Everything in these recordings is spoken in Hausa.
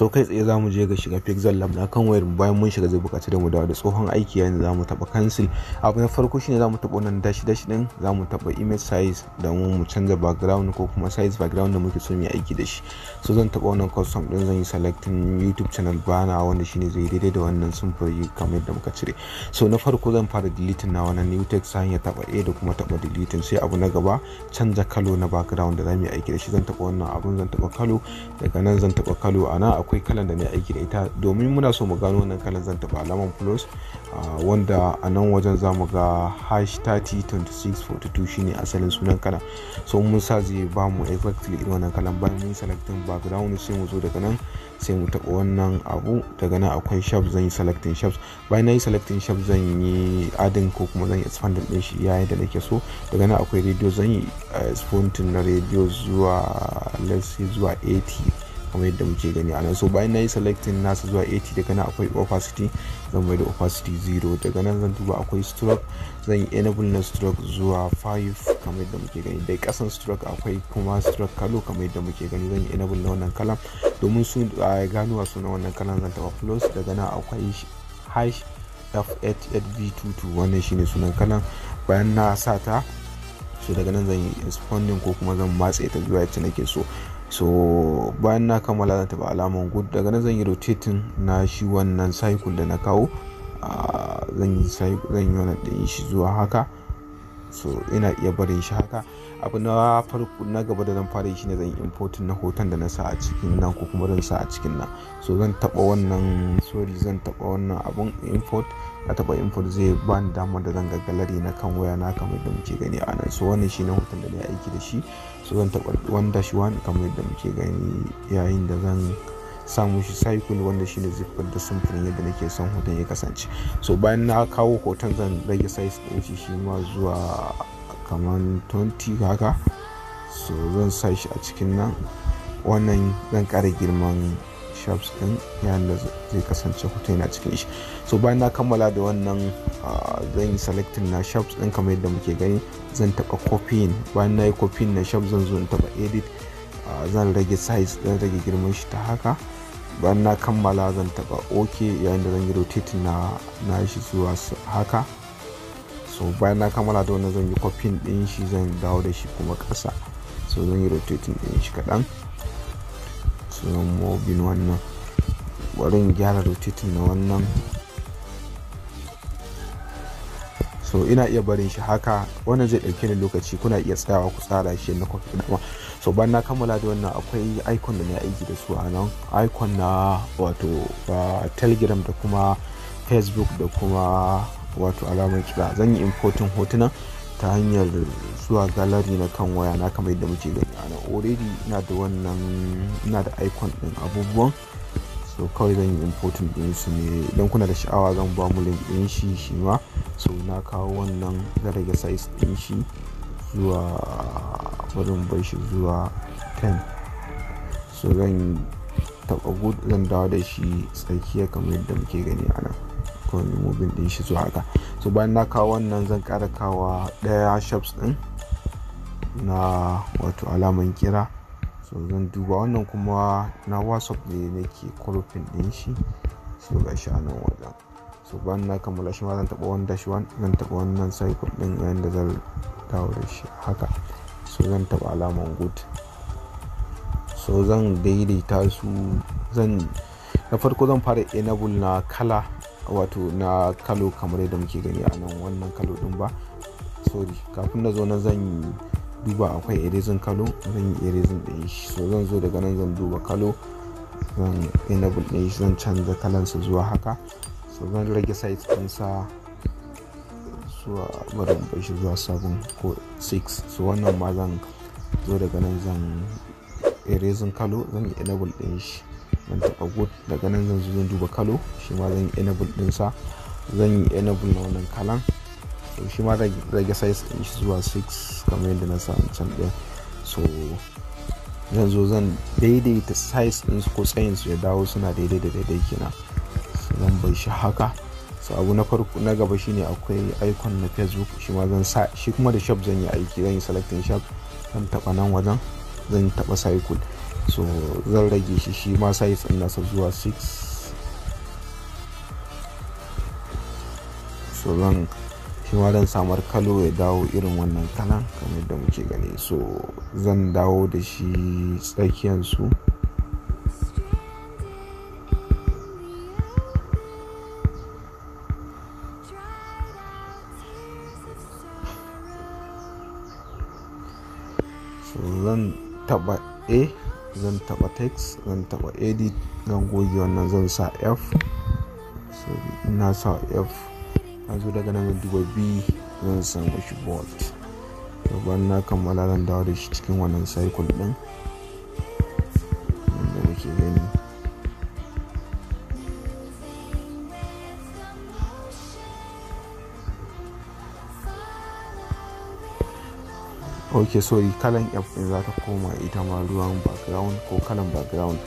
so kai tsaye za mu je ga shiga pixel lab na kan wayar bayan mun shiga zai bukaci da mu dawo da tsohon aiki yayin za mu taba cancel abu na farko shine za mu taba wannan dashi dashi din za mu taba image size da mu mu canza background ko kuma size background da muke so mu yi aiki da shi so zan taba wannan custom din zan yi selecting youtube channel bana wanda shine zai daidai da wannan yi kamar yadda muka cire so na farko zan fara deleting na wannan new text ya taba a da kuma taba deleting sai abu na gaba canza kalo na background da za mu yi aiki da shi zan taba wannan abun zan taba kalo daga nan zan taba kalo ana akwai kalan da na aiki da ita domin muna so mu gano wannan kalan zan taɓa alaman plus ah, wanda a nan wajen za mu ga hash 302642 shine asalin sunan kalan so mun sa zai ba mu exactly irin wannan kalan bayan mun selectin background sai mu zo daga nan sai mu taɓa wannan abu daga nan akwai shop zan yi selecting shops bayan na yi selecting shop zan yi adin ko kuma zan yi expanding din shi yayin da nake so daga nan akwai radio zan yi eh, expanding na radio zuwa let's say zuwa 80 kamar yadda muke gani a nan so bayan na yi selecting nasu zuwa 80 daga nan akwai opacity zan mai da opacity 0 daga nan zan duba akwai stroke zan yi enable na stroke zuwa 5 kamar yadda muke gani dai kasan stroke akwai kuma stroke kalo kamar yadda muke gani zan yi enable na wannan kalan domin su gano su na wannan kalan zan taba plus daga nan akwai hash f8v22 wannan shine sunan kalan bayan na sa ta so daga nan zan yi responding ko kuma zan matse ta zuwa yadda nake so so bayan na kammala zan tafi alaman good daga nan zan yi rotating na shi wannan cycle da na kawo ah, zan yi wannan ɗin shi zuwa haka so ina iya barin shi haka abu na farko na gaba da zan fara shi ne zan yi na hoton da na sa a cikin nan ko kuma zan sa a cikin nan so zan taba wannan sorry zan taba wannan abun import a taba import zai ba ni damar da zan ga gallery na kan waya na kamar yadda muke gani a nan so wannan ne hoton da na aiki da shi so zan taba wanda shi wani kamar yadda muke gani yayin da zan samun shi cycle wanda shi ne da samfurin yadda nake son hoton ya kasance so bayan na kawo hoton zan rage size din shi shi ma zuwa kamar 20 haka so zan sa shi a cikin nan wannan zan ƙara girman shops din yayin zai kasance hoton yana cikin shi so bayan na kammala da wannan ah, zan yi selecting na shops din kamar yadda muke gani zan taba copying bayan na yi copying na shops zan zo in taba edit Ah, zan rage size zan rage girman shi ta haka bayan na kammala zan taba ok yayin da zan yi rotating na na shi zuwa haka so bayan na kammala da wannan zan yi copying din shi zan dawo da shi kuma ƙasa so zan yi rotating din shi kaɗan so zan mobin wannan wurin gyara rotating na wannan so ina iya barin shi haka wannan zai ɗauke ni lokaci kuna iya tsayawa ku tsara shi na kwafi dama so ban na kammala da wannan akwai icon da na aiki da su a nan icon na wato ah, telegram da kuma facebook da kuma wato alamar kira zan yi importin hotuna ta hanyar zuwa gallery na kan waya na kamar yadda muke gani a nan already ina da wannan ina da icon din abubuwan so kawai zan yi importin din su ne idan kuna da sha'awa zan ba mu link din shi shi ma so na kawo wannan zan rage size din shi zuwa bari bai shi zuwa 10 so zan taba good zan dawo da shi tsakiya kamar yadda muke gani a nan kawai din shi zuwa haka so bayan na kawo wannan zan kara kawa daya shops din na wato alaman kira so zan duba wannan kuma na whatsapp ne nake kurfin din shi so ga shi wajen so bayan na kammala shi ma zan taɓa wanda shi one zan taɓa wannan cycle ɗin yayin da zan dawo da shi haka so zan taɓa alaman good so zan daidaita su zan na farko zan fara enable na kala wato na kalo kamar yadda muke gani a nan wannan kalo ɗin ba sorry kafin na zo na zan duba akwai erasing kalo zan yi erasing ɗin shi so zan zo daga nan zan duba kalo zan enable ɗin shi zan canza kalansa zuwa haka so zan rage size ɗinsa zuwa marin bashi zuwa 7 ko 6 so wannan ma zan zo daga nan zan erasing kalo zan yi enable ɗin shi zan taɓa good daga nan zan zo zan duba kalo shi ma zan enable ɗinsa zan yi enable na wannan kalan so shi ma rage size ɗin shi zuwa 6 kamar yadda na sa can ɗin so zan zo zan daidaita size ɗinsu ko tsayinsu ya dawo suna daidai da daidai kenan sai zan bai shi haka so abu na farko na gaba shine akwai icon na facebook shi ma zan sa shi kuma da shop zan yi aiki zan yi selecting shop zan taba nan wajen zan taba cycle so zan rage shi shi ma size sa zuwa 6 so zan shi ma dan samar kalo ya dawo irin wannan kalan kamar da muke gani so zan dawo da shi tsakiyar su zan taba a zan taba text zan taba edit zan goge wannan zan sa f so ina sa f a zo daga nan duba b zan samu shi bolt ban na kammala zan dawo da shi cikin wannan cycle din wanda muke gani ok yi kalan f din za ta koma ita ma ruwan background ko kalan background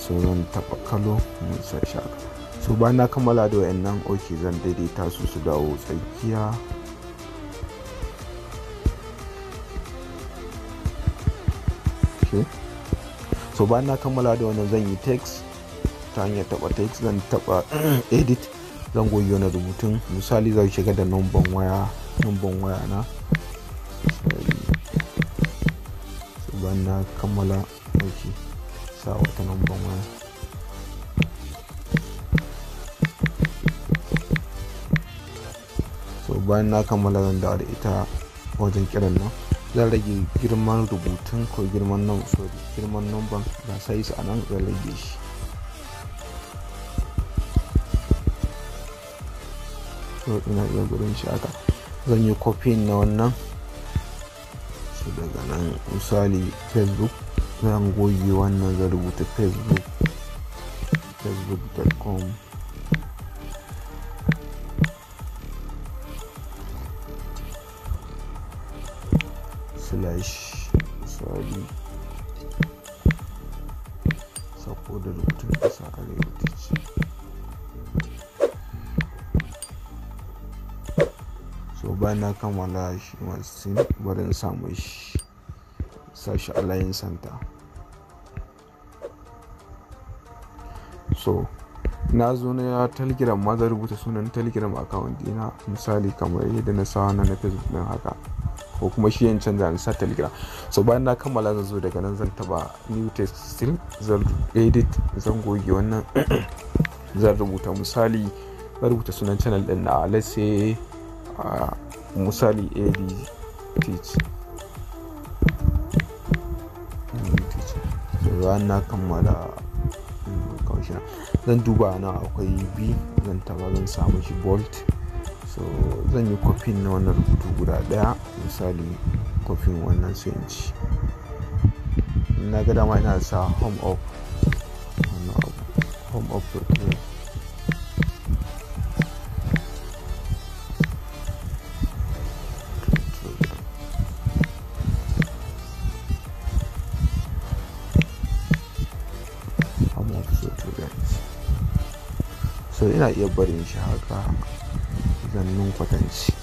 so zan taba kalo mun sa shaka so bayan na kammala da wayannan ok zan daidaita su su dawo tsakiya so bayan na kammala da wannan zan yi text ta hanyar taba text zan taba edit zan goyi wani rubutun misali zai shiga da numban waya numban waya na bayan na kammala aiki sa wata numban waya so bayan na kammala zan dawo da ita wajen kiran nan zan rage girman rubutun ko girman nan sorry girman numban ba sai su anan zan rage shi so ina iya gurin shi aka zan yi copy na wannan su daga nan misali facebook zan goge wannan zan rubuta facebook facebook.com slash misali saboda rubutun kasa a rubutun bayan na kammala shi masu bari samu shi sa shi a layin santa so na zo na ya telegram ma zan rubuta sunan telegram account dina misali kamar yadda na sa na facebook din haka ko kuma shi yin canza na sa telegram so bayan na kammala zan zo daga nan zan taba new text still zan edit zan goge wannan zan rubuta misali zan rubuta sunan channel din na let's say ah, musali ad teach bayan na kammala zan duba na akwai b zan taba zan samu shi bolt so zan yi kofin na wannan rubutu guda daya misali kofin wannan sai na ga dama ina sa home of. home up ina iya barin shi haka zan kwatanci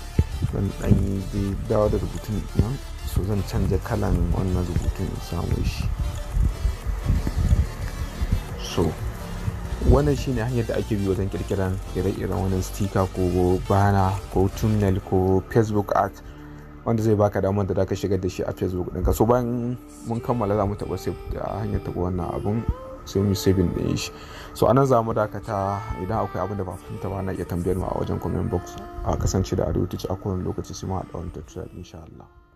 zan ɗan yi dawo da rubutun nan so zan canza kalan wannan rubutun in samu shi so wannan shi ne hanyar da ake bi wajen kirkiran ire-iren wannan sticker ko bana ko tunnel ko facebook art wanda zai baka damar da ka shigar da shi a facebook ɗinka so bayan mun kammala za mu taɓa save da uh, hanyar taɓa wannan abun sai mu saving din shi so anan za mu dakata idan akwai abin da ba fahimta ba na iya tambayar mu a wajen comment box a kasance da a arewacin a kowane lokaci sai mu haɗa wani tattalin insha Allah